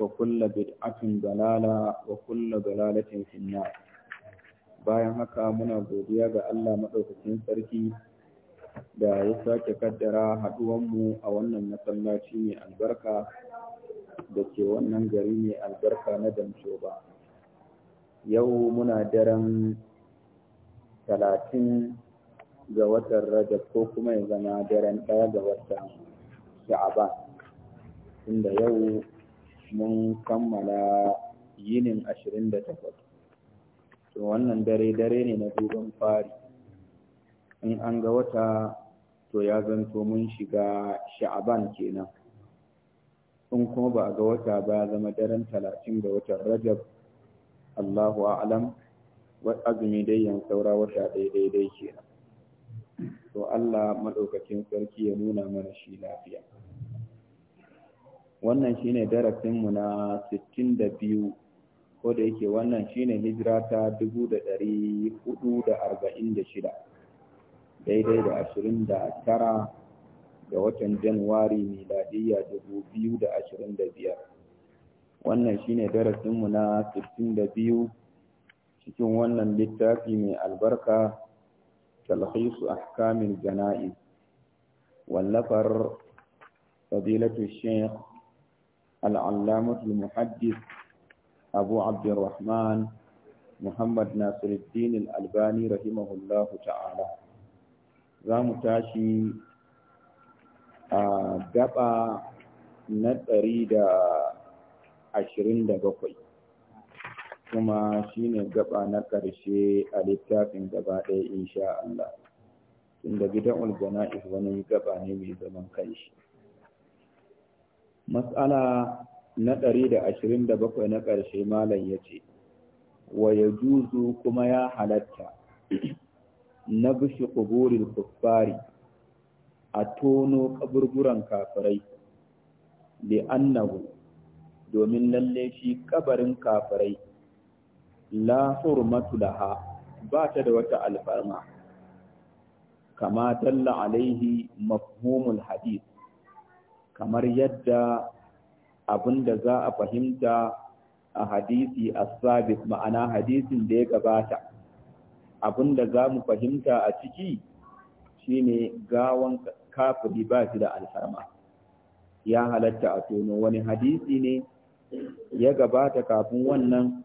وكل بدعة ضلالة وكل ضلالة في النار bayan haka muna godiya ga Allah madaukakin sarki da ya sake kaddara mu a wannan masallaci mai albarka da ke wannan gari mai albarka na Damcoba. Yau muna daren talatin ga watan Rajab ko kuma ya zama daren ɗaya ga watan Sha'aban, inda yau mun kammala yinin ashirin takwas. to wannan dare dare ne na dogon fari in an ga wata to ya zanto mun shiga sha'aban kenan in kuma ba a ga wata ba ya zama daren talatin da watan rajab Allahu a'lam azumi dai yan saura wata daidai-dai kenan to Allah maɗaukakin sarki ya nuna mana shi lafiya wannan shine darasinmu na 62 ko da yake wannan shine hijira ta 446 daidai da 29 ga watan januwari miladiyya 2025 wannan shine darasinmu na 62 cikin wannan littafi mai albarka talhisu ahkamin jana'iz wallafar fadilatu sheikh العلامة المحدث أبو عبد Muhammad محمد ناصر الدين الألباني رحمه الله تعالى زام تاشي gaba na ɗari da ashirin da bakwai kuma shine gaba na ƙarshe a littafin gaba ɗaya insha Allah inda gidan ulgana wani gaba ne mai zaman kanshi Matsala na ɗari da ashirin da bakwai na ƙarshe malam ya ce, wa ya juzu kuma ya halatta na bishi ƙuburin kuffari a tono ƙaburburan kafirai da annahu domin lalle shi ƙabarin kafirai la hurmatu laha ba ta da wata alfarma kama talla alaihi mafhumul hadith kamar yadda abin da za a fahimta a hadisi as-sabit ma'ana hadisin da ya gabata abin da za mu fahimta a ciki shine gawan kafiri ba shi da alfarma ya halatta a tono wani hadisi ne ya gabata kafin wannan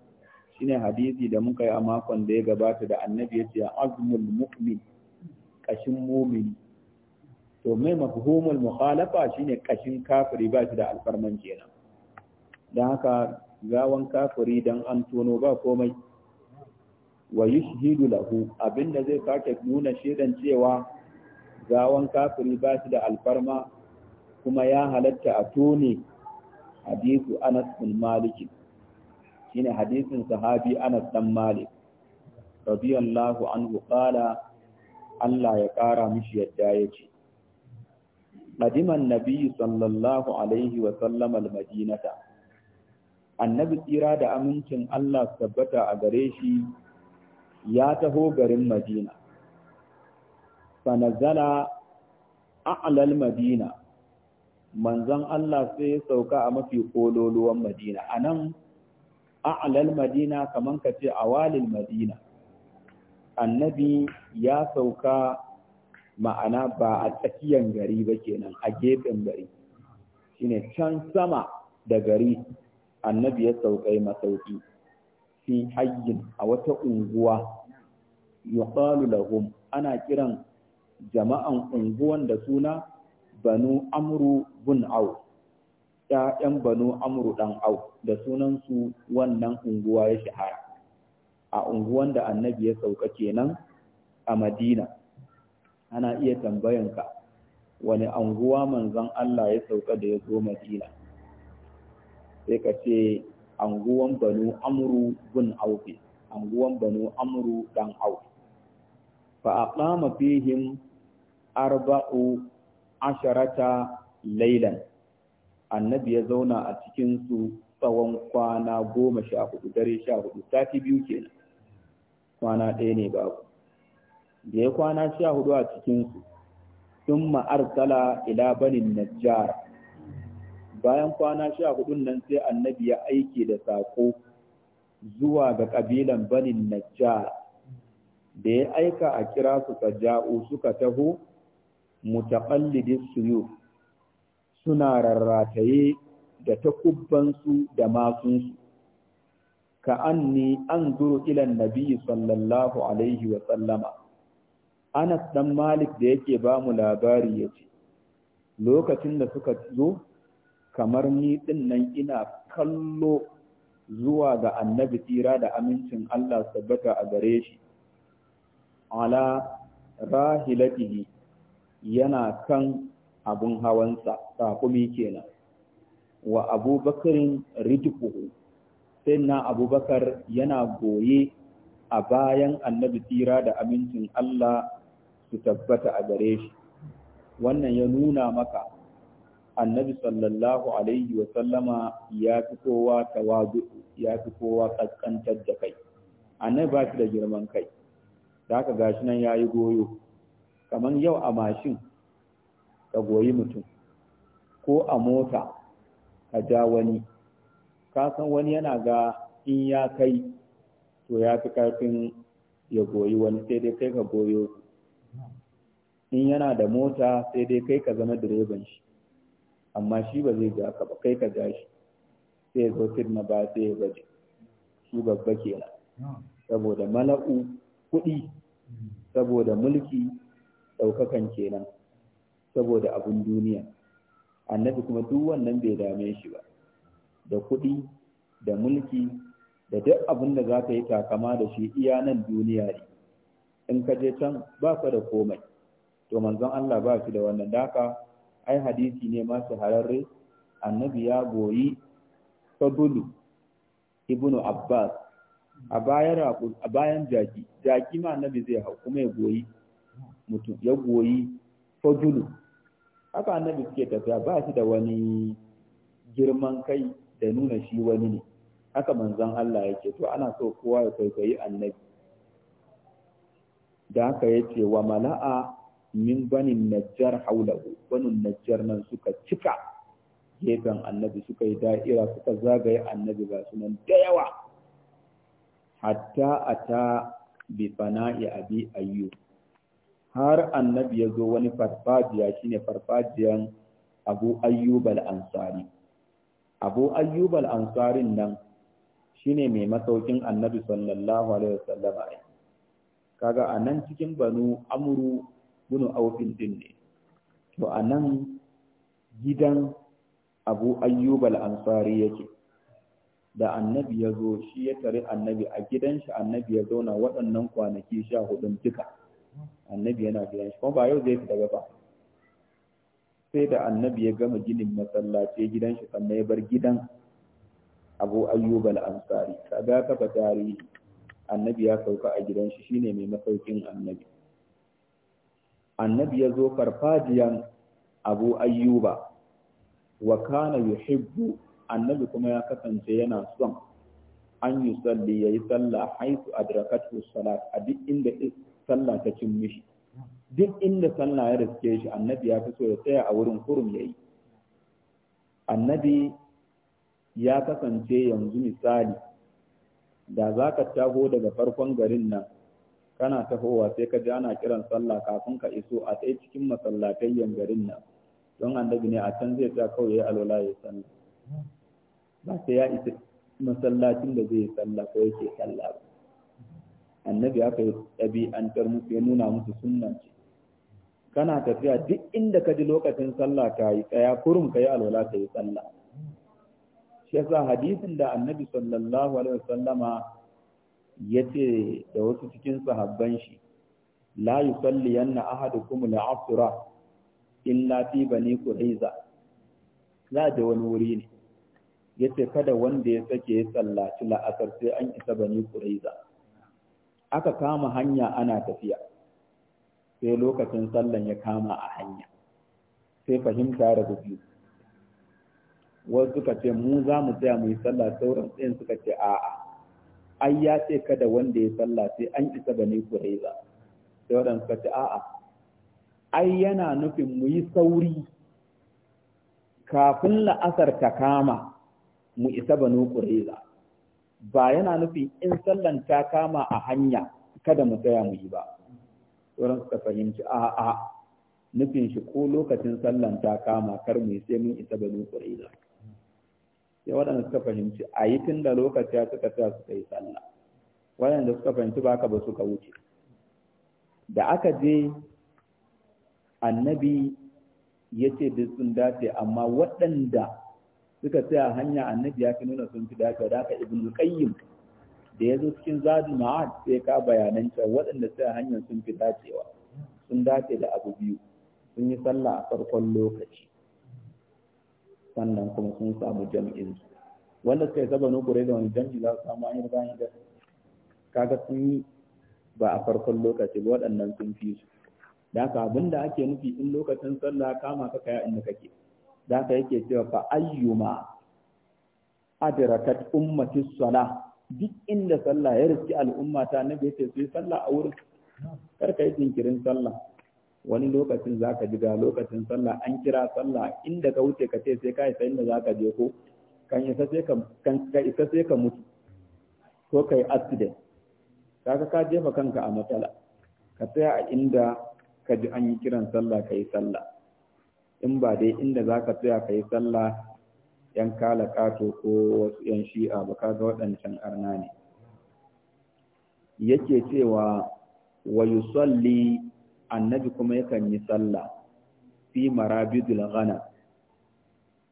shine hadisi da muka yi a makon da ya gabata da annabi ya ce azmul mu'min kashin mumini to mai mafhumul mukhalafa shine kashin kafiri ba shi da alfarman kenan dan haka gawan kafiri dan an tono ba komai wa yushhidu lahu abinda zai sake nuna shedan cewa gawan kafiri ba shi da alfarma kuma ya halatta a tone hadisu Anas bin Malik shine hadisin sahabi Anas dan Malik radiyallahu anhu qala Allah ya kara mishi yadda yake قدم النبي صلى الله عليه وسلم المدينة annabi tsira da amincin Allah tabbata a gare shi ya taho garin Madina fanazala a'lal Madina manzon Allah sai ya sauka a mafi kololuwan Madina anan a'lal Madina kaman kace awalil Madina annabi ya sauka ma'ana ba a tsakiyan gari ba kenan a gefen gari shine can sama da gari annabi ya sauƙai masauki fi hayyin a wata unguwa yuqalu lahum ana kiran jama'an unguwan da suna banu amru bun au ‘ya'yan banu amru ɗan au da sunansu wannan unguwa ya shahara a unguwan da annabi ya sauka kenan a madina ana iya tambayanka wani anguwa manzon Allah ya sauka da ya zo Madina sai ka ce anguwan banu amru bin aufi anguwan banu amru dan aufi fa aqama fihim arba'u asharata laylan annabi ya zauna a cikin su tsawon kwana goma sha hudu dare sha hudu sati biyu kenan kwana ɗaya ne babu da ya kwana sha hudu a cikinsu sun ma'arsala ila banin najjar bayan kwana sha hudun nan sai annabi ya aike da saƙo zuwa ga ƙabilan banin najjar da ya aika a kira su tsaja'u suka taho mutaƙallidin suyu suna rarrataye da takubbansu da masunsu ka anni an zuru ilan nabi sallallahu alaihi wa sallama Anas dan Malik da yake ba mu labari yace lokacin da suka zo kamar ni din nan ina kallo zuwa ga annabi tsira da amincin Allah sabbata a gare shi ala rahilatihi yana kan abun hawansa raƙumi kenan wa abubakarin ridikuhu sai na abubakar yana goye a bayan annabi tsira da amincin Allah su tabbata a gare shi wannan ya nuna maka annabi sallallahu alaihi wa sallama ya fi kowa tawadu ya fi kowa kaskantar da kai annabi ba shi da girman kai da aka gashi nan yayi goyo kamar yau a mashin ka goyi mutum ko a mota ka ja wani ka san wani yana ga in ya kai to ya fi karfin ya goyi wani sai dai kai ka goyo in yana da mota sai dai kai ka zama direban shi amma shi ba zai ga ka ba kai ka ga shi sai ya zo firma ba sai ya gaji shi babba kenan saboda mala'u kuɗi saboda mulki ɗaukakan kenan saboda abun duniya annabi kuma duk wannan bai dame shi ba da kuɗi da mulki da duk abin da za ka yi takama da shi iya nan duniya ne in ka je can ba ka da komai to manzon Allah ba shi da wannan daka ai hadisi ne ma hararre. annabi ya goyi fadulu ibnu abbas a bayan a bayan jaki jaki ma annabi zai hau kuma ya goyi mutum ya goyi fadulu haka annabi suke tafiya ba shi da wani girman kai da nuna shi wani ne haka manzon Allah yake to ana so kowa ya kwaikwayi annabi da haka yace wa mala'a min banin najjar haulahu banin najjar nan suka cika gefen annabi suka yi da'ira suka zagaye annabi ga nan da yawa hatta a ta bi fana'i abi ayyu har annabi ya zo wani farfajiya shine farfajiyan abu ayyub ansari abu ayyub ansarin nan shine mai masaukin annabi sallallahu alaihi wasallam kaga a nan cikin banu amru bunu Aukin din ne to anan gidan abu ayyub ansari yake da annabi ya zo shi ya tare annabi a gidan shi annabi ya zauna waɗannan kwanaki sha hudun duka annabi yana gidan shi kuma ba yau zai fita ba sai da annabi ya gama ginin masallaci gidan shi sannan ya bar gidan abu ayyub al-ansari kaga ka tarihi annabi ya sauka a gidan shi shine mai masaukin annabi annabi ya zo farfajiyan abu ayyuba wa kana yuhibbu annabi kuma ya kasance yana son an yi salli ya yi sallah haitu adrakatu salat a duk inda salla ta cin mishi duk inda sallah ya riske shi annabi ya fi so ya tsaya a wurin kurum ya yi annabi ya kasance yanzu misali da za ka taho daga farkon garin nan kana tahowa sai ka ji ana kiran sallah kafin ka iso a tsaye cikin masallatai garin nan don annabi ne a can zai sa kawai ya alwala ya sallah ba sai ya isa masallacin da zai sallah ko yake sallah ba annabi aka yi ɗabi'antar musu ya nuna musu sunan. ce kana tafiya duk inda ka ji lokacin sallah ka yi tsaya kurum ka yi alwala ka yi sallah shi yasa hadisin da annabi sallallahu alaihi wasallama yace da wasu cikin sahabban shi la yusalli yanna ahadukum al-asra illa fi bani quraiza la da wani wuri ne yace kada wanda ya sake ya sallaci la'asar sai an isa bani quraiza aka kama hanya ana tafiya sai lokacin sallan ya kama a hanya sai fahimta da gudu. wasu suka ce mu za mu tsaya mu yi sallah sauran tsayin suka ce a'a ai ya ce kada wanda ya sallah sai an isa bane kuraiza sai waɗanda suka ce a'a ai yana nufin mu yi sauri kafin la'asar ta kama mu isa banu kureza ba yana nufin in sallan ta kama a hanya kada mu tsaya mu yi ba sauran suka fahimci a'a nufin shi ko lokacin sallan ta kama kar mu yi sai mun isa banu kureza sai waɗanda suka fahimci a yi tun da lokaci ya suka tsaya suka yi sallah waɗanda suka fahimci ba ka ba suka wuce da aka je annabi ya ce da sun dace amma waɗanda suka tsaya hanya annabi ya fi nuna sun fi dace da aka ibn qayyim da ya zo cikin zadul ma'ad sai ka bayanan cewa waɗanda tsaya hanyar sun fi dacewa sun dace da abu biyu sun yi sallah a farkon lokaci sannan kuma sun samu jam'in wanda suka yi saba nukure da wani jam'i za su samu an yi bayan da kaga sun yi ba a farkon lokaci ba waɗannan sun fi su da haka abin da ake nufi in lokacin sallah kama ka kaya inda kake da haka yake cewa fa ayyuma adrakat ummati sala duk inda sallah ya riski al'umma ta nabi sai sai sallah a wurin kar ka yi jinkirin sallah wani lokacin za ka ji ga lokacin sallah an kira sallah inda ka wuce ka ce sai ka isa inda za ka je ko kan isa sai ka isa sai ka mutu ko kai accident kaga ka jefa kanka a matsala ka tsaya a inda ka ji an yi kiran sallah ka yi sallah in ba dai inda za ka tsaya ka yi sallah yan kala kato ko wasu yan shi'a ba kaga waɗancan arna ne yake cewa wa yusalli annabi kuma yakan yi sallah fi marabidul ghana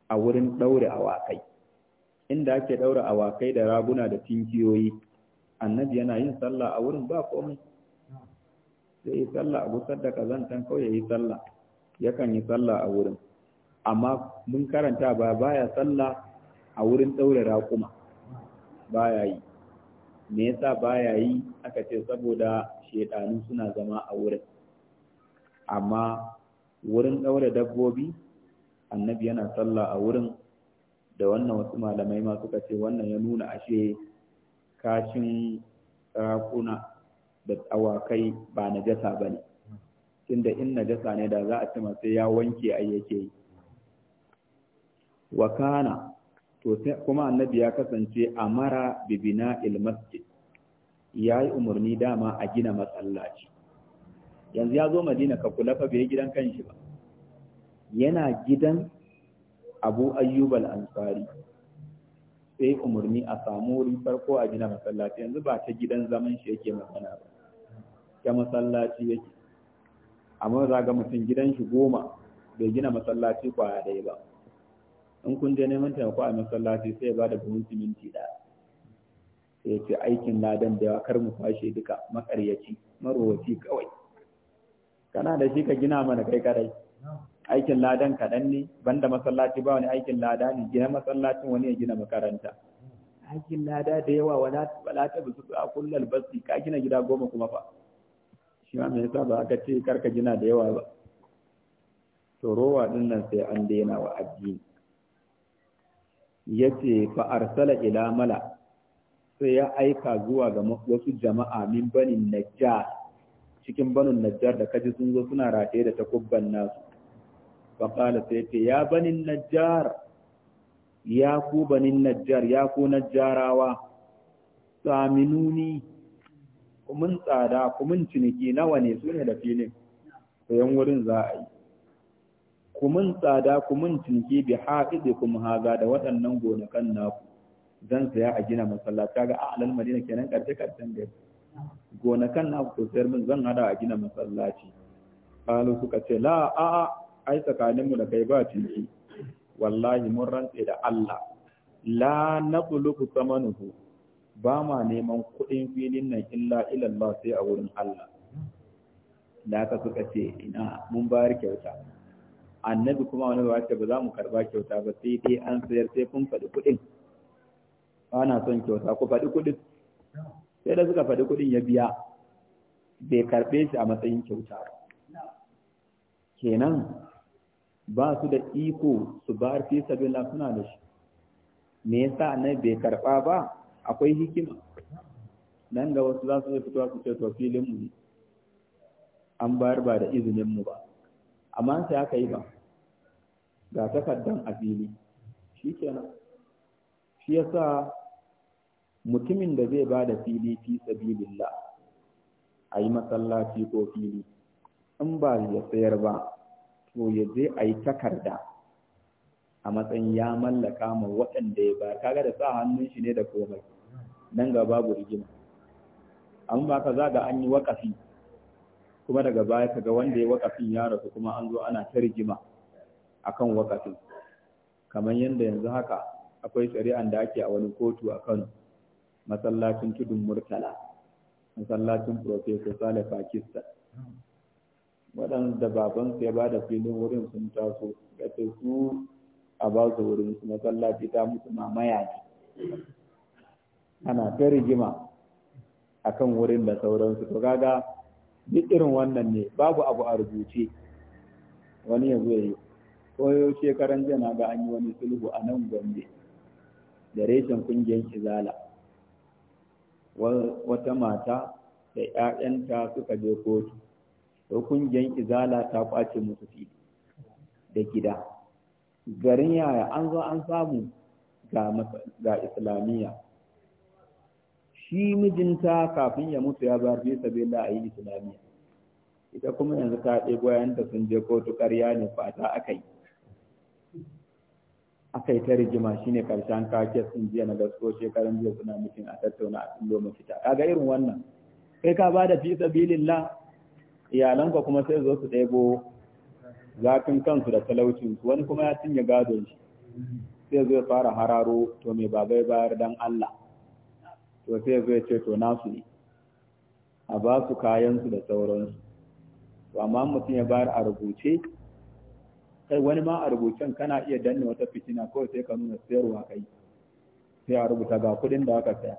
a wurin daure awakai inda ake daure awakai da raguna da tinkiyoyi annabi yana yin sallah a wurin ba komai sai yi sallah a gusar da kazantan kawai ya yi sallah yakan yi sallah a wurin amma mun karanta ba baya sallah a wurin daure raƙuma baya yi me yasa baya yi aka ce saboda shedanu suna zama a wurin amma wurin ɗaure dabbobi annabi yana sallah a wurin da wannan wasu malamai ma suka ce wannan ya nuna ashe kashin rakuna da tsawakai ba na jasa ba ne da in na jasa ne da za a ci sai ya wanke ai yake yi Wakana, to kuma annabi ya kasance a mara bibina il ya yi umarni dama a gina masallaci yanzu ya zo madina ka kula fa bai gidan kanshi ba yana gidan abu ayyubal ansari sai umarni a samu wurin farko a gina masallaci yanzu ba ta gidan zaman shi yake magana ba ta masallaci yake amma za ga mutum gidan shi goma bai gina masallaci kwaya ɗaya ba in kun je neman taimako a masallaci sai ya ba da buhun siminti ɗaya sai aikin ladan da yawa kar mu kwashe duka makaryaci marowaci kawai kana da shi ka gina mana kai kadai aikin ladan kaɗan ne banda masallaci ba wani aikin lada ne gina masallacin wani ya gina makaranta aikin lada da yawa wala wala ta bisu a kullal basi ka gina gida goma kuma fa shi ma me yasa ba aka ce kar ka gina da yawa ba to rowa din nan sai an daina wa addini yace fa arsala ila mala sai ya aika zuwa ga wasu jama'a min banin najjar cikin banin najjar da kaji sun zo suna rataye da takubban nasu faƙala sai ce ya banin najjar ya ku banin najjar ya ku najjarawa saminuni kumin tsada kumin ciniki nawa ne su ne da filin sayan wurin za a yi kumin tsada kumin ciniki bi haɗe kuma haza da waɗannan gonakan naku zan saya a gina masallaci ga a alal madina kenan ƙarshe ƙarshen gari gonakan na ku sayar min zan hada a gina masallaci kalu suka ce la a ai tsakaninmu da kai ba tinki wallahi mun rantse da Allah la nabluku samanuhu ba ma neman kuɗin filin nan illa Allah sai a wurin Allah da aka suka ce ina mun bayar kyauta annabi kuma wani ba ce ba za mu karba kyauta ba sai dai an sayar sai kun faɗi kuɗin ana son kyauta ku faɗi kuɗin sai da suka faɗi kuɗin ya biya bai karɓe shi a matsayin kyauta ba kenan ba su da iko su ba fi sabila suna da shi me yasa nan bai karɓa ba akwai hikima nan ga wasu za su zai fitowa su ce to filin mu ne an bayar ba da izinin mu ba amma sai aka yi ba ga takardan a fili shi kenan shi yasa mutumin da zai ba da fili fi sabilillah a yi masallaci ko fili in ba ya sayar ba to ya je a yi takarda a matsayin ya mallaka ma waɗanda ya ba kaga da sa hannun shi ne da komai nan ga babu rigima an ba ka zaga an yi wakafi kuma daga baya kaga wanda ya wakafin ya rasu kuma an zo ana ta rigima akan wakafin kamar yadda yanzu haka akwai shari'an da ake a wani kotu a Kano masallacin tudun murtala masallacin profesor sale pakistan waɗanda babansu ya ba da filin wurin sun taso da su a ba su wurin su masallaci ta musu mamaya ne ana ta rigima a kan wurin da sauransu to kaga duk irin wannan ne babu abu a rubuce wani ya ya yi koyo shekaran jana ga an yi wani sulhu a nan gombe da reshen kungiyar izala wata mata da ‘ya'yanta suka je kotu, to kungiyar izala ta kwace musu fili da gida. Garin yaya an zo an samu ga islamiyya. Shi mijinta kafin ya mutu ya bar fi sabila a yi islamiyya. Ita kuma yanzu ta ɗebo yanta sun je kotu ƙarya ne fata aka yi. aka yi ta rigima shine karshen kake sun jiya na gasko shekaran jiya suna mutum a tattauna a tsillo mafita kaga irin wannan kai ka ba bada fi la iyalanka kuma sai zo su ɗebo zafin kansu da talaucin su wani kuma ya cinye gadon shi sai zo ya fara hararo to me babai bayar dan Allah to sai zo ya ce to nasu ne a ba su kayan da sauransu to amma mutum ya bayar a rubuce kai wani ma a rubucin kana iya danne wata fitina kawai sai ka nuna sayarwa kai sai a rubuta ga kuɗin da aka saya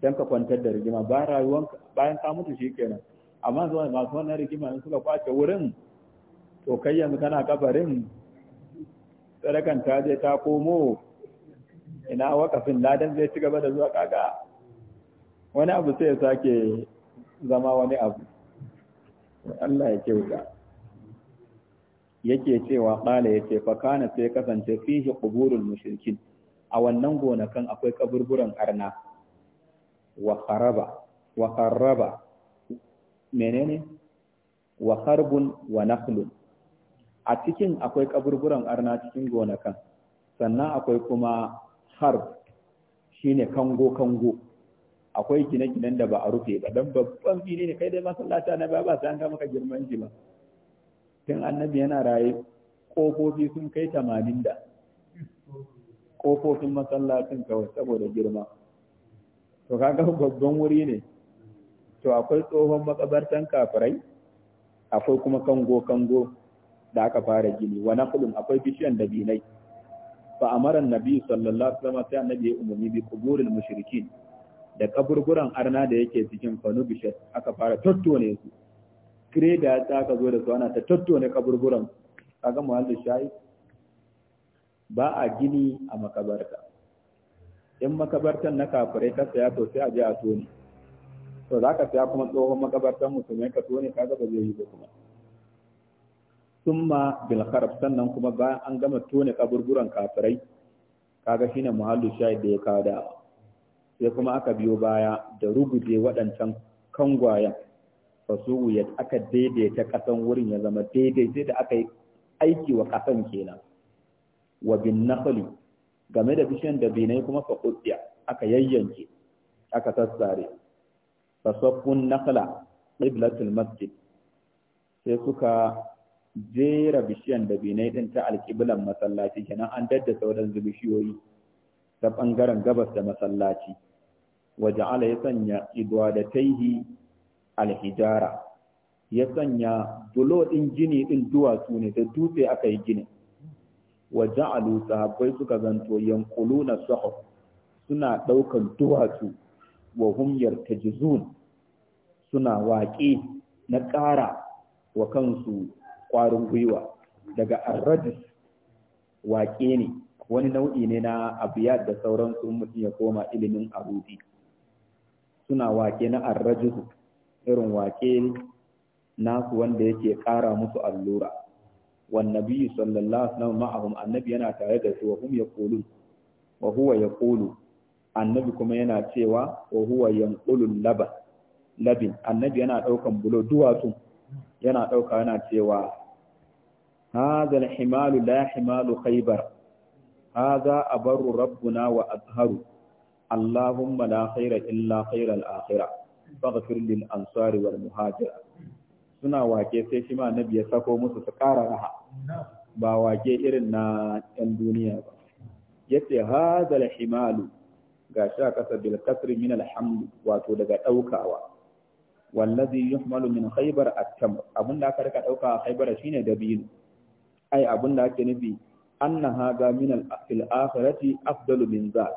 don ka kwantar da rigima bayan rayuwan bayan ka mutu shi kenan amma zuwa masu wannan rigima in suka kwace wurin to kai yanzu kana kabarin sadakan ta je ta komo ina wakafin ladan zai ci gaba da zuwa kaga wani abu sai ya sake zama wani abu Allah ya kyauta yake cewa qala yace fa kana sai kasance fihi quburul mushrikin a wannan gonakan akwai kaburburan arna wa kharaba wa kharaba menene wa kharbun wa nakhlun a cikin akwai kaburburan arna cikin gonakan sannan akwai kuma harb shine kango kango akwai gine-ginen da ba a rufe ba dan babban fili ne kai dai masallata na ba ba sai an ga maka girman jima. tun annabi yana raye ƙofofi sun kai tamanin da ƙofofin masallacin kawai saboda girma to kaga babban wuri ne to akwai tsohon makabartan kafirai akwai kuma kango kango da aka fara gini wa naqlun akwai bishiyan dabinai fa amara annabi sallallahu alaihi wasallam sai annabi ya umumi bi quburil mushrikin da kaburburan arna da yake cikin fanu bishat aka fara tattone su greda ya ta ka zo da su ana ta tattone kaburburan kaga muhallin shayi ba a gini a makabarta in makabartan na kafirai ta saya to sai a je a tone to za ka saya kuma tsohon makabartan musulmai ka tone kaga ba zai yi ba kuma summa bil sannan kuma bayan an gama tone kaburburan kafirai kaga shine muhallin shayi da ya kawo da sai kuma aka biyo baya da ruguje waɗancan kangwayen fasuhu ya aka daidaita kasan wurin ya zama daidai sai da aka yi aiki wa kasan kenan wa bin nakhli game da bishiyan da binai kuma fa qutiya aka yayyanke aka sassare fasaffun nakhla qiblatul masjid sai suka jera bishiyan da binai din ta alqiblan masallaci kenan an daddasa sauran bishiyoyi ta bangaren gabas da masallaci waja'ala ya sanya idwa da taihi alhijara ya sanya bulo ɗin gini ɗin duwatsu ne da dutse aka yi gini wa ja'alu sahabbai suka zanto na sahab suna ɗaukan duwatsu wa hum yartajizun suna waƙe na ƙara wa kansu ƙwarin gwiwa daga arradis waƙe ne wani nau'i ne na abiyat da sauransu mutum ya koma ilimin arudi suna waƙe na arrajisu irin wake nasu wanda yake ƙara musu allura wan nabi sallallahu alaihi wasallam ma'ahum annabi yana tare da su wa hum yaqulun wa huwa yaqulu annabi kuma yana cewa wa huwa yanqulul laban labin annabi yana daukan bulo duwatsu yana dauka yana cewa hadha al-himalu la himalu khaybar hadha abaru rabbuna wa azharu allahumma la khayra illa khayral akhirah faghfir lil ansari wal muhajira suna wake sai shi ma annabi ya sako musu su ƙara raha ba wake irin na ɗan duniya ba yace hadal himalu ga sha kasa bil kasri min alhamd wato daga daukawa wallazi yuhmalu min khaybar at-tamr abinda aka rika dauka a khaybar shine dabin. ai abinda ake nufi anna min al akhirati afdalu min za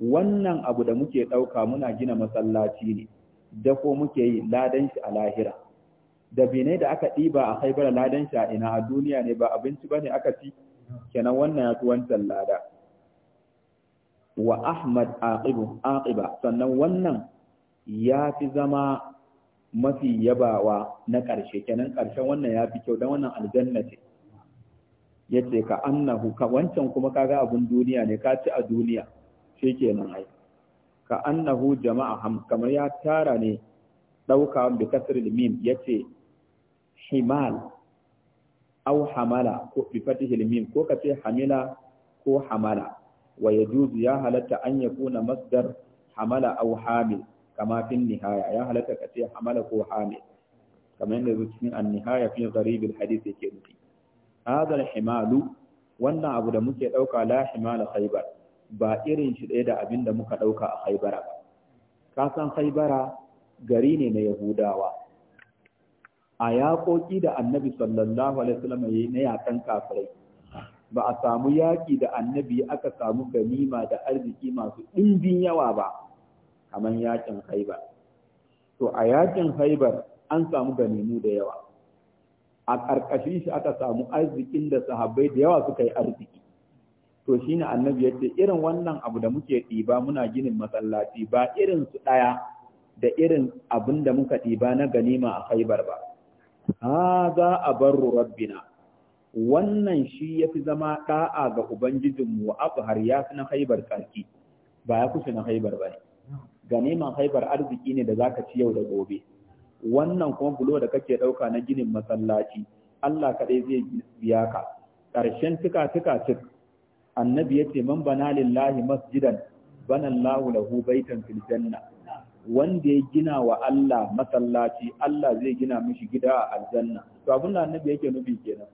wannan abu da muke dauka muna gina masallaci ne dako muke yi ladan shi a lahira da bine da aka ɗiba a haibara ladan shi a ina a duniya ne ba abinci bane aka fi kenan wannan ya fi wancan lada wa ahmad aqibu aqiba sannan wannan ya fi zama mafi yabawa na ƙarshe kenan ƙarshen wannan ya fi kyau don wannan aljanna ce yace ka annahu ka wancan kuma kaga abun duniya ne ka ci a duniya shi kenan ai ka annahu jama'a ham kamar ya tara ne ɗauka bi kasr mim yace himal aw hamala ko bi fatihil mim ko kace hamila ko hamala wa yajuzu ya halatta an yakuna masdar hamala aw hamil kama fin nihaya ya halatta kace hamala ko hamil kamar yadda zuwa cikin annihaya fi gharibil hadith yake nufi hadal himalu wannan abu da muke dauka la himala khaybar ba irin shi ɗaya da abin da muka ɗauka a haibara ba. Ka san haibara gari ne na Yahudawa. A yaƙoƙi da annabi sallallahu Alaihi wasallam ya na yaƙan kafirai, ba a samu yaƙi da annabi aka samu ganima da arziki masu ɗimbin yawa ba, kamar yaƙin haibar. To a yaƙin haibar an samu ganimu da yawa. A ƙarƙashin shi aka samu arzikin da sahabbai da yawa suka yi arziki. to shine annabi yadda irin wannan abu da muke ɗiba muna ginin masallaci ba irin su ɗaya da irin abin da muka ɗiba na ganima a Khaibar ba Ha haza abarru rabbina wannan shi yafi zama ɗa'a ga ubangijinmu wa har ya fi na Khaibar tsarki ba ya kusa na Khaibar ba ganiman Khaibar arziki ne da zaka ci yau da gobe wannan kuma bulo da kake ɗauka na ginin masallaci Allah kaɗai zai biya ka ƙarshen tuka tuka tuka annabi yace man bana lillahi masjidan bana Allahu lahu baitan fil janna wanda ya gina wa Allah masallaci Allah zai gina mishi gida a aljanna to abin da annabi yake nufi kenan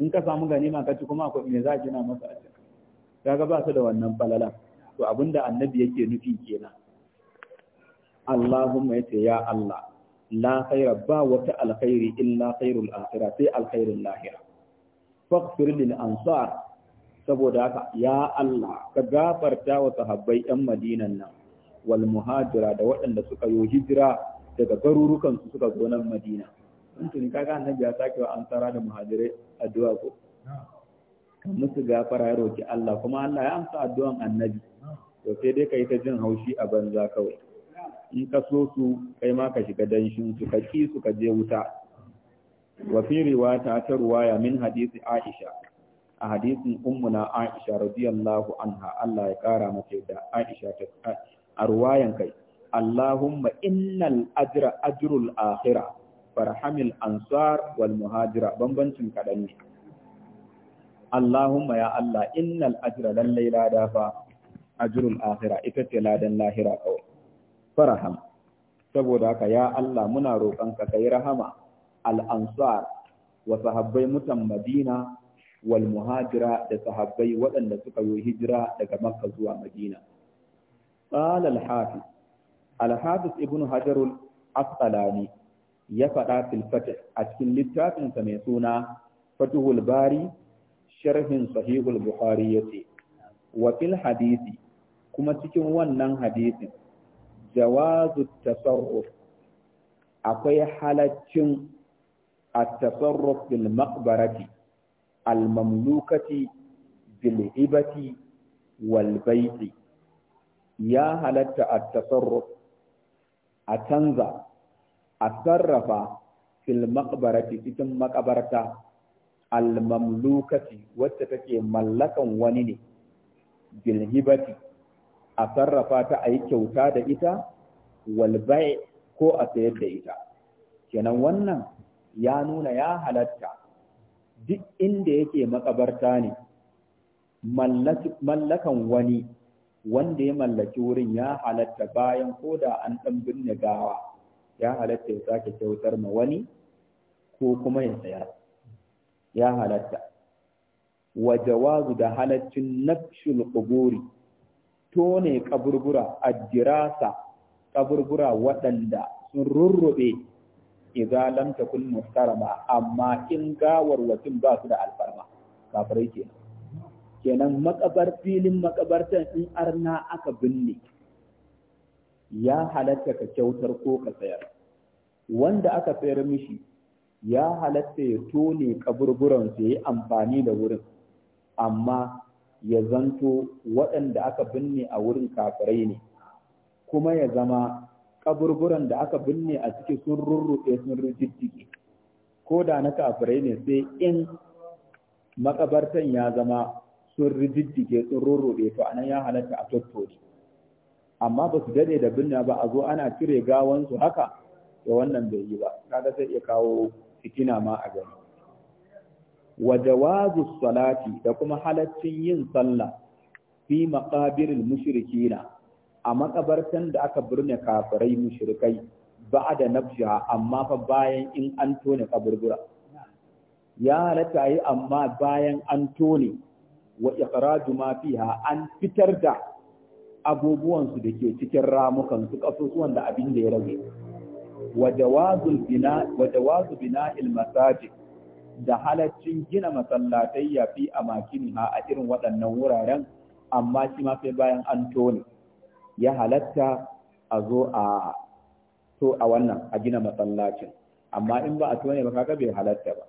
in ka samu ganima ka ci kuma akwai me za a gina masa a cikin kaga ba su da wannan falala to abin da annabi yake nufi kenan Allahumma yace ya Allah la khaira ba wata alkhairi illa khairul akhirah sai alkhairul lahira faghfir lil ansar saboda haka ya Allah ka gafarta wa sahabbai yan madinan nan wal muhajira da waɗanda suka yi hijira daga garurukan su suka zo nan madina tuni kaga annabi ya sake wa ansara da muhajirai addu'a ko musu gafara ya roki Allah kuma Allah ya amsa addu'an annabi to sai dai kai ta jin haushi a banza kawai in ka so su kai ma ka shiga danshin su ka ki su ka je wuta wa fi riwaya ta ruwaya min hadisi Aisha a hadisin ummuna Aisha radiyallahu anha Allah ya kara mace da Aisha ta a ruwayan kai Allahumma innal ajra ajrul akhira farhamil ansar wal muhajira bambancin kadan ne Allahumma ya Allah innal ajra lallai lada fa ajrul akhira ita ce ladan lahira kawai faraham saboda haka ya Allah muna roƙon ka kai rahama al ansar wa sahabbai mutan Madina wal da sahabbai waɗanda suka yi hijira daga makka zuwa madina qala al hafiz al hafiz ibn ya faɗa fil a cikin littafinsa mai suna fatuhul bari sharhin sahihul bukhari yace wa fil hadisi kuma cikin wannan hadisin jawazu tasarruf akwai halaccin at-tasarruf bil maqbarati almamlukati bil'ibati walbaiti ya halatta a tasarruf a canza a sarrafa fil maqbarati cikin makabarta almamlukati wacce take mallakan wani ne bilhibati a sarrafa ta a yi kyauta da ita walbai ko a sayar da ita kenan wannan ya nuna ya halatta duk inda yake makabarta ne mallakan wani wanda ya mallaki wurin ya halatta bayan ko da an ɗan binne gawa ya halatta ya sake kyautar ma wani ko kuma ya sayar ya halatta wa jawazu da halaccin nafshul quburi tone kaburbura addirasa kaburbura waɗanda sun rurrube idza lam takun muhtarama amma in gawar watin ba su da alfarma kafirai kenan kenan makabar filin makabartan in arna aka binne ya halatta ka kyautar ko ka sayar wanda aka sayar mishi ya halatta ya tone kaburburan su yi amfani da wurin amma ya zanto waɗanda aka binne a wurin kafirai ne kuma ya zama kaburburan da aka binne a ciki sun rurruɗe sun rujijjige ko da na kafirai ne sai in makabartan ya zama sun rijijjige sun rurruɗe, to anan ya halatta a tattore amma ba su dade da binne ba a zo ana cire gawansu haka da wannan bai yi ba kaga sai iya kawo fitina ma a gani wa jawazu salati da kuma halaccin yin sallah fi maqabiril mushrikina a makabartan da aka birne kafirai mushrikai ba da nafsha amma fa bayan in an tone kaburbura ya halatta yi amma bayan an tone wa iqraju ma fiha an fitar da abubuwan su dake cikin ramukan su kasusuwan da abin da ya rage wa jawazul bina wa jawazu bina'il masajid da halaccin gina masallatai ya fi ha a irin waɗannan wuraren amma shi ma sai bayan an tone ya halatta a zo a to a wannan a gina masallacin amma in ba a tone ba kaga bai halatta ba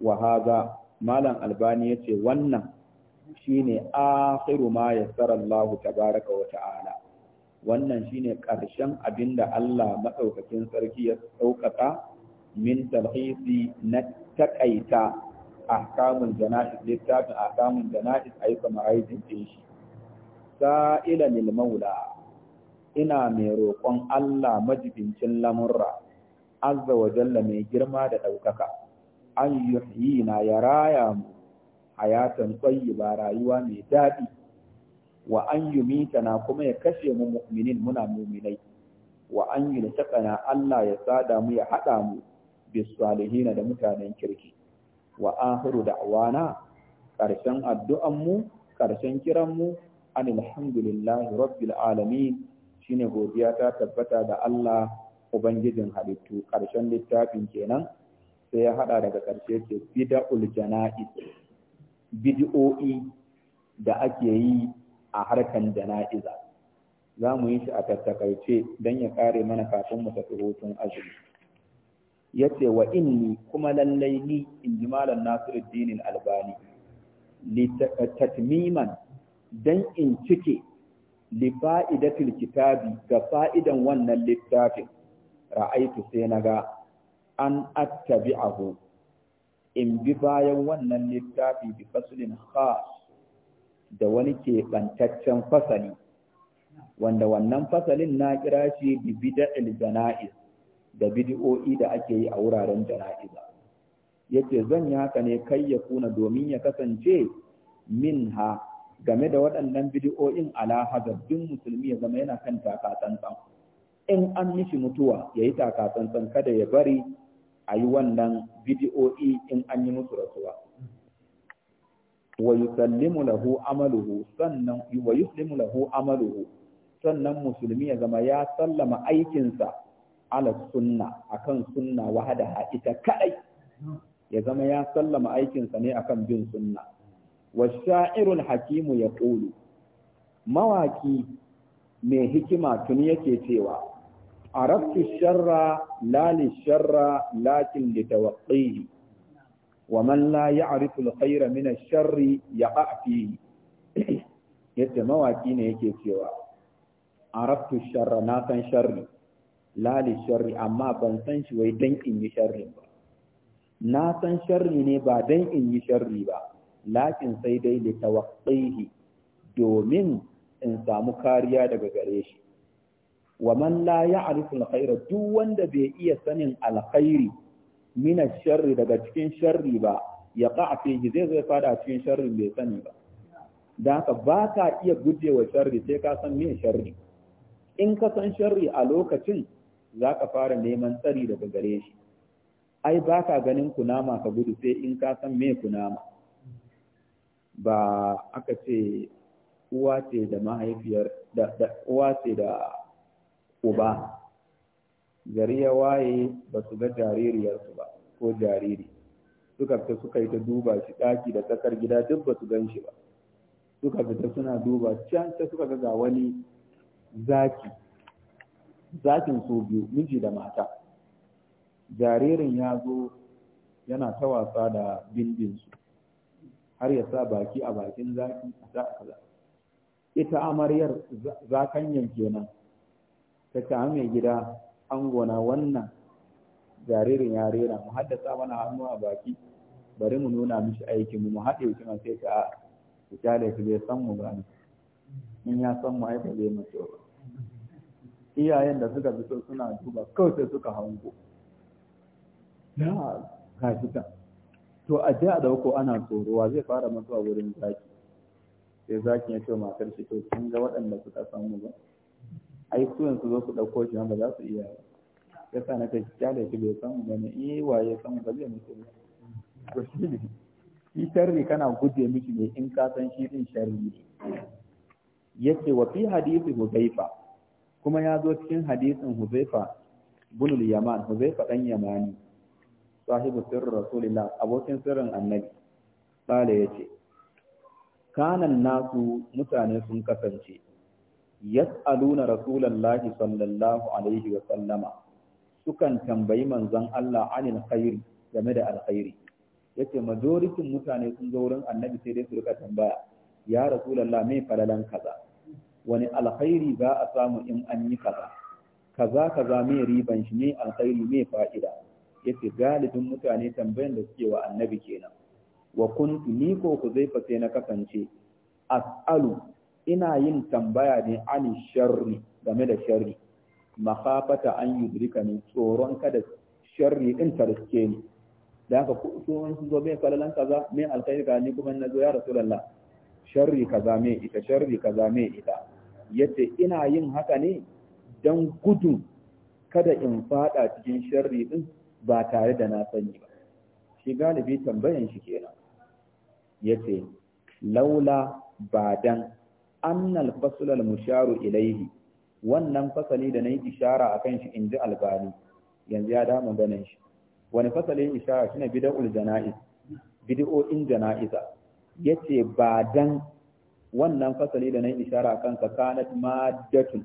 wa haza malam albani yace wannan shine akhiru ma yassara Allah tabaraka wa ta'ala wannan shine karshen abinda Allah madaukakin sarki ya saukaka min talhisi na takaita ahkamul janaiz littafin ahkamul janaiz ayyuka ma'aizin shi sa'ila lil maula ina mai roƙon Allah majibincin lamurra azza wa jalla mai girma da ɗaukaka an na ya raya mu hayatan ba rayuwa mai daɗi wa an na kuma ya kashe mu mu'minin muna mu'minai wa an na Allah ya sada mu ya haɗa mu bis salihina da mutanen kirki wa akhiru da'wana karshen addu'an mu karshen kiran mu an alhamdulillahi rabbil alamin shine godiya ta tabbata da Allah ubangijin halittu karshen littafin kenan sai ya hada daga karshe ce bid'ul jana'iz bid'o'i da ake yi a harkan jana'iza za mu yi shi a tattakaice don ya kare mana kafin mu tafi hutun azumi ya ce wa inni kuma lallai ni in ji malam nasiruddin albani tatmiman dan in cike li kitabi ga fa'idan wannan littafin ra'aitu sai na ga an attabi'ahu in bi bayan wannan littafi bi fasulin khas da wani keɓantaccen fasali wanda wannan fasalin na kira shi bi bid'il jana'iz da bid'o'i da ake yi a wuraren jana'iza yace zan yi haka ne kai ya kuna domin ya kasance min minha game da waɗannan bidiyoyin alahazar duk musulmi ya zama yana kan takatsantsan in an mishi mutuwa ya yi takatsantsan kada ya bari a yi wannan bidiyoyi in an yi musu rasuwa wa yusallimu sannan lahu amaluhu sannan musulmi ya zama ya sallama aikinsa ala sunna akan sunna wahada ita kadai ya zama ya sallama aikinsa ne akan bin sunna wa sha'irul hakimu ya ƙulu Mawaƙi mai hikima tuni yake cewa arabtu shara la li sharra lakin li tawaqqihi wa man la ya'rifu al-khayra min ash-sharri yaqa fihi yace mawaki ne yake cewa arabtu sharra na san sharri la li amma ban san shi wai dan in yi sharri ba na san sharri ne ba dan in yi sharri ba lakin sai dai da tawaqqihi domin in samu kariya daga gare shi wa man la ya'rifu al-khayra duk wanda bai iya sanin alkhairi min sharri daga cikin sharri ba ya qa'a fihi zai zai fada cikin sharri bai sani ba da haka ba ka iya gujewa sharri sai ka san me sharri in ka san sharri a lokacin za ka fara neman tsari daga gare shi ai ba ka ganin kunama ka gudu sai in ka san me kunama ba aka ce uwa ce da mahaifiyar da uwa ce da uba gari ya waye ba su ga jaririyarsu ba ko jariri suka fita suka yi ta duba shi ɗaki da tsakar gida duk ba su gan shi ba suka fita suna duba can ta suka ga wani zaki zakin su biyu miji da mata jaririn ya zo yana ta wasa da bindinsu har ya sa baki a bakin zaki a sa kaza ita amaryar zakanyan kenan ta ta mai gida angona wannan jaririn ya rera mu haddasa mana hannu a baki bari mu nuna mishi aikin mu mu haɗe shi ma sai ta misali su bai san mu ba in ya san mu aiki bai zai mace ba iyayen da suka fito suna duba kawai sai suka hango na ka fita to a da dauko ana wa zai fara mutuwa wurin zaki sai zakin ya ce matar shi to kin ga waɗanda suka samu ba ai su yanzu zo su ɗauko shi ba za su iya ba ya sa na ta kyale shi bai samu ba ne eh waye samu ba zai mutu ba to shi ne shi sharri kana guje miki ne in ka san shi din sharri yace wa fi hadisi hudayfa kuma ya zo cikin hadisin hudayfa bunul yaman hudayfa dan yamani sahibu sirrin rasulillah abokin sirrin annabi bala ya ce kanan nasu mutane sun kasance yas'aluna rasulallahi sallallahu alaihi wa sallama sukan tambayi manzon Allah anil khairi game da alkhairi yace majoritin mutane sun zo wurin annabi sai dai su rika tambaya ya rasulallah me falalan kaza wani alkhairi za a samu in an yi kaza kaza kaza me riban shi me alkhairi me fa'ida yace galibin mutane tambayan da suke wa annabi kenan wa kuntu ni ko ku zai sai na kasance as'alu ina yin tambaya ne ani sharri game da sharri makhafata an yudrika ni tsoron kada sharri din ta riske ni da haka ku so wani zo mai falalan kaza mai alkhairi ka ni kuma na zo ya rasulullah sharri kaza mai ita sharri kaza mai ita yace ina yin haka ne dan gudu, kada in fada cikin sharri din ba tare da na sani ba shi galibi tambayan shi kenan yace laula badan annal fasl al musharu ilaihi wannan fasali da nayi ishara akan shi inji albani yanzu ya damu ganin shi wani fasalin ishara shine bid'ul janaiz bid'o'in janaiza yace badan wannan fasali da nayi ishara akan kanat maddatun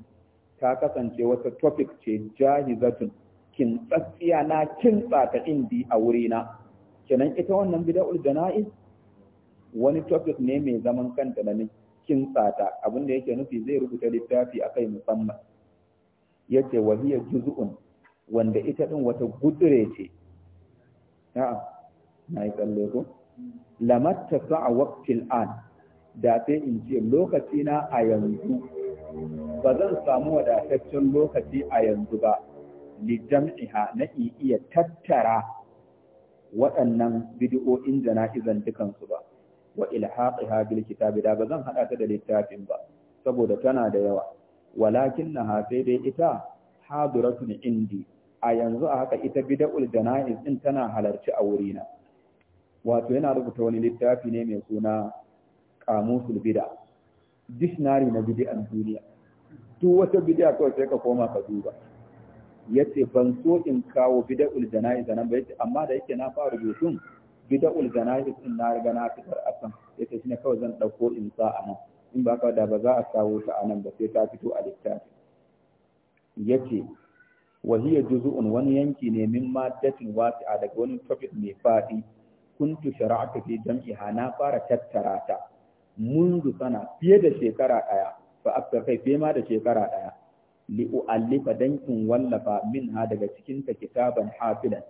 ta kasance wata topic ce jahizatun Kin tsatsiya na kin ta indi a wurina kenan ita wannan bida'ul jana'iz wani topic ne mai zaman kanta da ni tsata. Abin abinda yake nufi zai rubuta littafi kai musamman yace hiya juz'un wanda ita din wata gudure ce na'am na yi tsalle ko lamatta sa'a waqtil an da sai in ce lokaci na a yanzu ba zan samu wadataccen lokaci a yanzu ba lijam'iha na iya tattara waɗannan bidiyo'in jana'izan dukansu ba wa ilhaqiha bil kitabi da ba zan hada ta da littafin ba saboda tana da yawa walakin na sai dai ita hadiratun indi a yanzu a haka ita bid'ul jana'iz din tana halarci a wurina wato yana rubuta wani littafi ne mai suna kamusul bid'a dictionary na bid'an duniya duk wata bid'a kawai sai ka koma ka duba yace ban so in kawo bid'ul janayiz nan ba yace amma da yake na fara rubutun bid'ul jana'iz din na riga na fitar a kan yace shine kawai zan dauko in sa a nan in ba ka da ba za a kawo ta a nan ba sai ta fito a littafi yace wa hiya juz'un wani yanki ne min maddatin wasi'a daga wani topic mai fadi kuntu shara'atu fi jam'iha na fara tattara ta منذ sana fiye da shekara daya fa aka kai fiye ma da shekara daya li'u'allifa dan in wallafa min ha daga cikin ta kitaban hafilan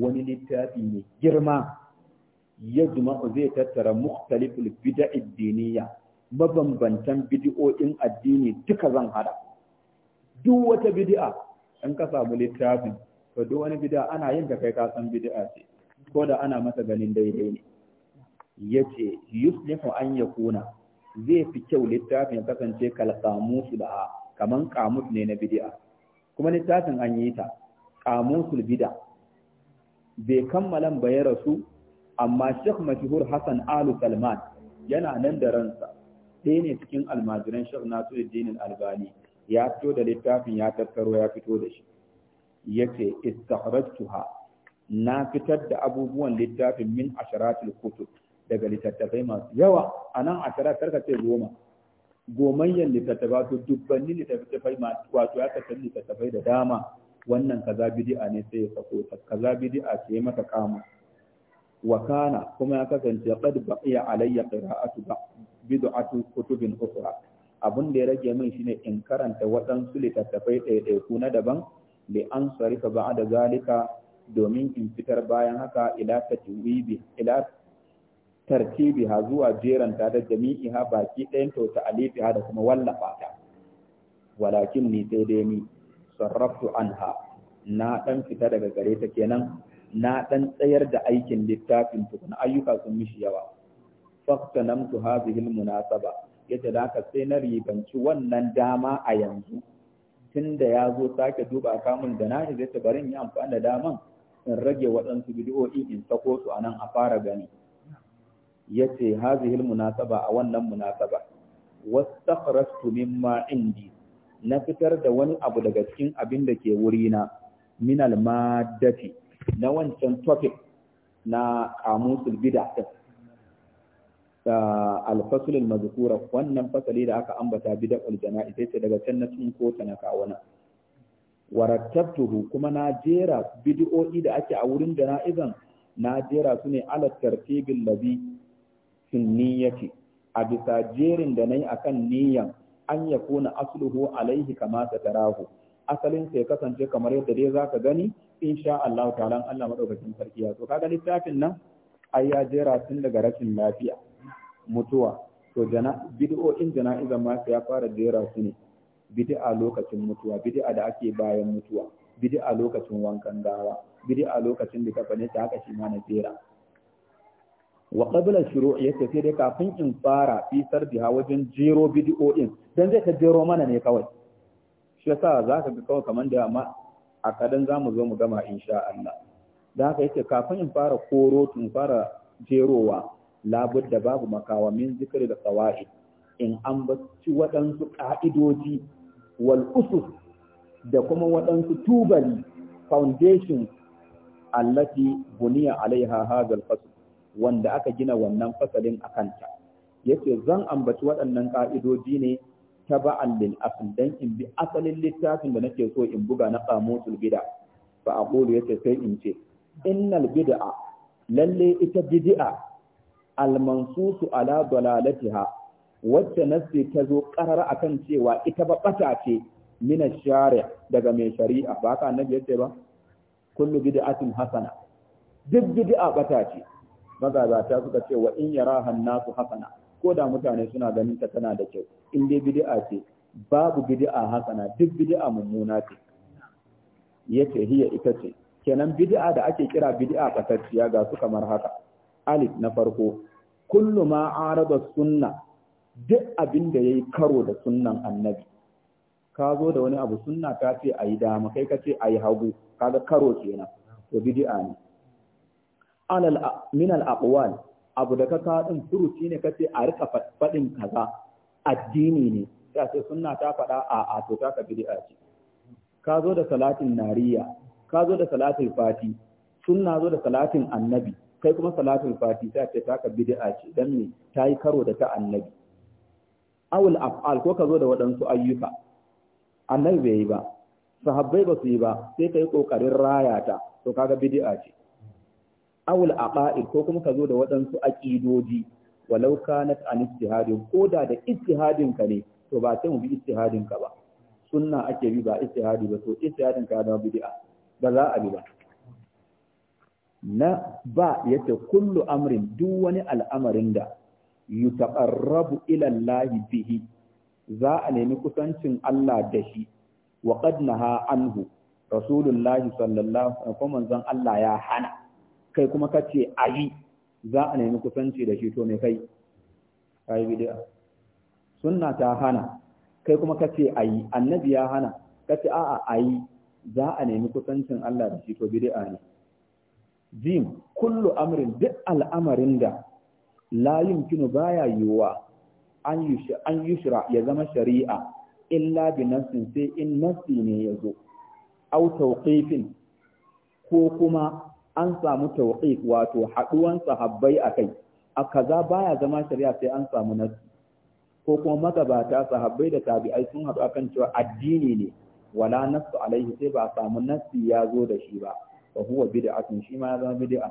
wani littafi mai girma ya zai tattara mukhtaliful bid'a diniya mabambantan bid'o'in addini duka zan hada duk wata bid'a in ka samu littafin to duk wani bid'a ana yin da kai ka san bid'a ce ko da ana masa ganin daidai ne yace yuslihu an yakuna zai fi kyau littafin ya kasance kalqamusu da kaman kamus ne na bid'a kuma littafin an yi ta kamusul bid'a bai kammala ba ya rasu amma Sheikh Mashhur Hassan Alu Salman yana nan da ransa sai ne cikin almajiran Sheikh Nasiruddin Albani ya fito da littafin ya tattaro ya fito da shi yace istakhrajtuha na fitar da abubuwan littafin min asharatul kutub daga littattafai masu yawa anan asharat karka ce goma gomayyar littattafai to dubbanni littattafai wato ya kasar littattafai da dama wannan kaza bidi'a ne sai ya sako ta kaza bid'a ce maka kama wa kana kuma ya kasance qad baqiya alayya qira'atu bid'atu kutubin ukhra abun da ya rage min shine in karanta waɗansu littattafai ɗaiɗaiku na daban li an sarifa ba'da zalika domin in fitar bayan haka ila tajwibi ila tartibiha zuwa jeranta da jami'iha baki ɗayan to ta'alifiha da kuma wallafa ta walakin ni sai dai ni sarraftu anha na dan fita daga gare ta kenan na ɗan tsayar da aikin littafin tukun ayyuka sun mishi yawa fakta tu hadhihi munasaba yace da ka sai na ribanci wannan dama a yanzu tunda ya zo sake duba kamun da na zai ta barin yi amfani da daman in rage waɗansu bidiyo'i in sako su a nan a fara gani yace hazihil munasaba a wannan munasaba wastakhrastu mimma indi na fitar da wani abu daga cikin abin da ke wurina min al-maddati na wancan topic na kamusul bid'a din al-fasl al wannan fasali da aka ambata bid'ul jana'i sai daga can na cin ko ta na kawana warattabtuhu kuma na jera bid'o'i da ake a wurin jana'izan na jera su ne ala tartibil ladhi fin niyyati a bisa jerin da nayi kan niyyan an ya kona asluhu alaihi kama tarahu asalin sai kasance kamar yadda dai zaka gani insha Allah ta'ala Allah madaukakin sarki ya so kaga littafin nan ai ya jera tun daga rashin lafiya mutuwa to jana bid'o'in jana'izan ma ya fara jera su ne bid'a lokacin mutuwa bid'a da ake bayan mutuwa bid'a lokacin wankan gawa bid'a lokacin da ka ta haka shi ma na jera wa qabla ya yake sai dai kafin in fara fisar biha wajen jero din dan zai ka jero mana ne kawai shi yasa zaka ga kawai kaman da amma a kadan zamu zo mu gama insha Allah dan haka yake kafin in fara koro tun fara jerowa labudda babu makawa min zikri da qawaid in an ci waɗansu ƙa'idoji wal usus da kuma waɗansu tubali foundation allati buniya alaiha hadal fasl wanda aka gina wannan fasalin a kanta yace zan ambaci waɗannan ƙa'idoji ne ta lil asl dan in bi asalin littafin da nake so in buga na qamusul bid'a fa aqulu yace sai in ce innal bid'a lalle ita bid'a al mansusu ala dalalatiha wacce nasi ta zo karar akan cewa ita ba bata ce min shari' daga mai shari'a ba ka annabi yace ba kullu bid'atin hasana duk bid'a bata ce magabata suka ce wa in yara su hasana ko da mutane suna ganin ta tana da kyau in dai bid'a ce babu bid'a hasana duk bid'a mummuna ce yace hiya ita ce kenan bid'a da ake kira bid'a fatacciya ga su kamar haka alif na farko kullu ma arada sunna duk abin da yayi karo da sunnan annabi ka zo da wani abu sunna ka ce ayi dama kai ka ce ayi hagu kaga karo kenan to bid'a ne alal min al aqwal abu da ka ka din furuci ne kace a rika fadin kaza addini ne ya sai sunna ta fada a a to ta ka bid'a ce ka zo da salatin nariya ka zo da salatin fati sunna zo da salatin annabi kai kuma salatin fati ta ce ta ka bid'a ce dan ne ta yi karo da ta annabi awul af'al ko ka zo da waɗansu ayyuka annabi bai yi ba sahabbai ba su yi ba sai kai kokarin raya ta to kaga bid'a ce awul aqaid ko kuma ka zo da waɗansu aqidoji walau kanat an istihadin ko da da istihadin ka ne to ba sai mu bi istihadin ka ba sunna ake bi ba istihadi ba to istihadin ka da bid'a ba za a bi ba na ba yace kullu amrin duk wani al'amarin da yutaqarrabu ila Allah bihi za a nemi kusancin Allah da shi wa qad naha anhu rasulullahi sallallahu alaihi wasallam Allah ya hana kai kuma ka ce a yi za a nemi kusanci da shi to me kai a yi bid'a sunna ta hana kai kuma ka ce a yi annabi ya hana ka ce a'a a yi za a nemi kusancin Allah da shi to bid'a ne jim kullu amrin duk al'amarin da layin kinu baya yiwuwa an yushra an yushra ya zama shari'a illa bi nafsin sai in nafsi ne zo. au tawqifin ko kuma an samu tawqiq wato haduwan sahabbai akai a kaza baya zama shari'a sai an samu nas ko kuma magabata sahabbai da tabi'ai sun hadu akan cewa addini ne wala nasu alaihi sai ba a samu nasi ya zo da shi ba fa huwa bid'atun shi ma ya zama bid'a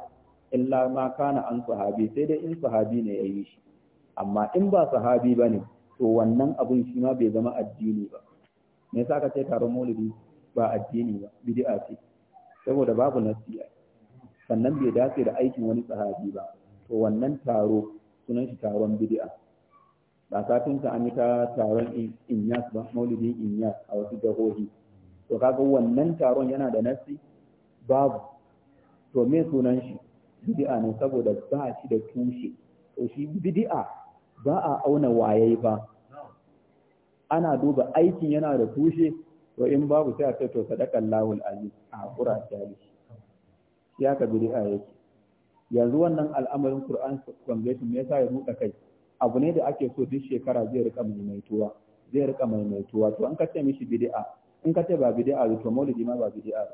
illa ma kana an sahabi sai dai in sahabi ne yayi shi amma in ba sahabi bane to wannan abun shi ma bai zama addini ba me yasa ka ce taron maulidi ba addini ba bid'a ce saboda babu nasi sannan bai dace da aikin wani sahabi ba to wannan taro sunan shi taron bid'a ba satin ka an yi ta taron inyas ba maulidin inyas a wasu jahohi to kaga wannan taron yana da nasi babu to me sunan shi bid'a ne saboda ba shi da tushe to shi bid'a ba a auna waye ba ana duba aikin yana da tushe to in babu sai a ce to sadaqallahu alazim a kura jali ya ka bid'a yake yanzu wannan al'amarin Qur'an Convention me yasa ya ruɗa kai abu ne da ake so duk shekara zai rika maimaituwa zai rika maimaituwa to an kace mishi bid'a in kace ba bid'a to maulidi ma ba bid'a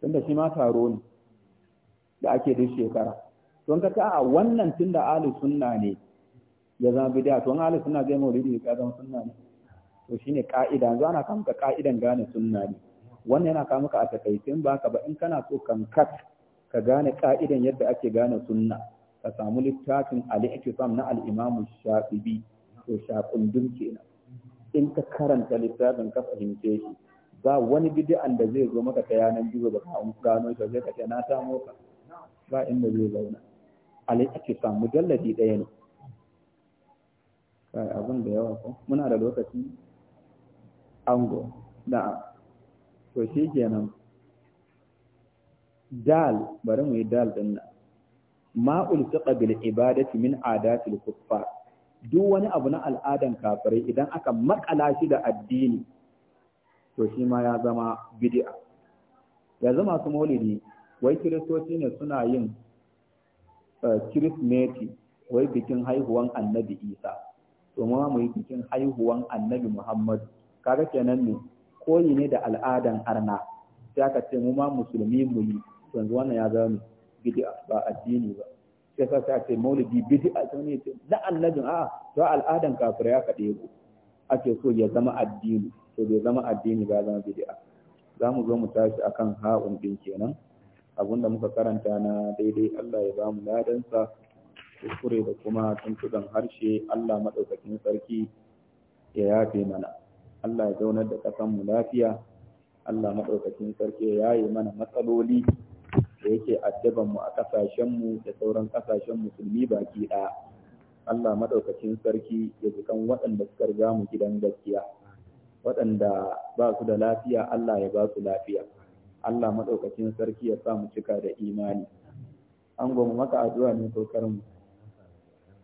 tunda shi ma taro ne da ake duk shekara to an kace a wannan tunda ahli sunna ne ya zama bid'a to an ahli sunna zai maulidi ya zama sunna ne to shine ka'ida yanzu ana kamta ka'idan gane sunna ne wannan yana kawo maka a takaice in ba ba in kana so kat ka gane ka'idan yadda ake gane sunna ka samu littafin ake sam na al-imam shafi'i ko shakundun kenan in ka karanta littafin ka fahimce shi ba wani bid'an da zai zo maka ta yanan gizo ba ka gano shi sai ka ce na ta moka ba inda zai zauna ake sam mujalladi ɗaya ne kai abin da yawa ko muna da lokaci ango na'am to shi kenan dal bari mu yi dal din nan ma ultiqa bil ibadati min adatil kuffar duk wani abu na al'adan kafirai idan aka makala shi da addini to shi ma ya zama bid'a yanzu masu maulidi wai kiristoci ne suna yin eh, kirismeti wai bikin haihuwan annabi isa to ma mu yi bikin haihuwan annabi muhammadu kaga kenan ne koyi ne da al'adan arna sai aka ce mu ma musulmi mu yi yanzu wannan ya zama bid'a ba addini ba sai sa ce maulidi bid'a to ne ce da annabin a to al'adan kafira ya kade ku ake so ya zama addini to bai zama addini ba zama bid'a za mu zo mu tashi akan ha'un din kenan abinda muka karanta na daidai Allah ya ba mu ladansa kuskure da kuma tuntuɗan harshe Allah maɗaukakin sarki ya yafe mana Allah ya zaunar da ƙasanmu lafiya Allah maɗaukacin sarki ya yi mana matsaloli da yake mu a ƙasashenmu da sauran ƙasashen musulmi baki ɗaya Allah maɗaukacin sarki ya jikan waɗanda suka riga mu gidan gaskiya waɗanda ba su da lafiya Allah ya ba su lafiya Allah maɗaukacin sarki ya sa mu cika da imani an mu maka addu'a ne mu.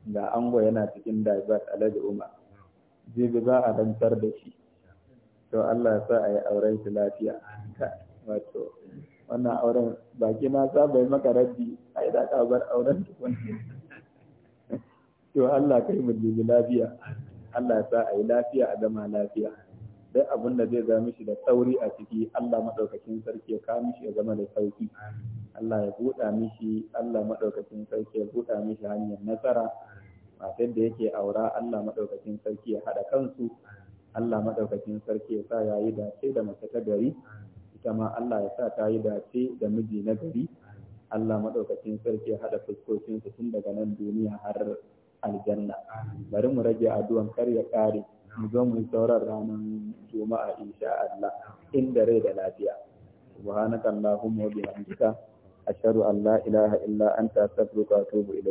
da ango yana cikin dabat alhaji umar jibi za a rantsar da shi to Allah sa a yi auren su lafiya wato wannan auren baki na sabai maka rabbi A yi ka bar auren tukun to Allah kai mu dubi lafiya Allah sa a yi lafiya a zama lafiya duk abin da zai zama shi da tsauri a ciki Allah madaukakin sarki ya kawo mishi ya zama da sauki Allah ya buɗa mishi Allah madaukakin sarki ya buɗa mishi hanyar nasara matar da yake aura Allah madaukakin sarki ya haɗa kansu Allah madaukakin sarki ya sa ya yi dace da mace ta gari ita ma Allah ya sa ta yi dace da miji na gari Allah madaukakin sarki ya haɗa fuskokin su tun daga nan duniya har aljanna bari mu rage addu'an kar ya kare mu zo mu sauran ranar juma'a insha Allah inda rai da lafiya subhanakallahumma wa bihamdika ashhadu an la ilaha illa anta astaghfiruka wa atubu ilayk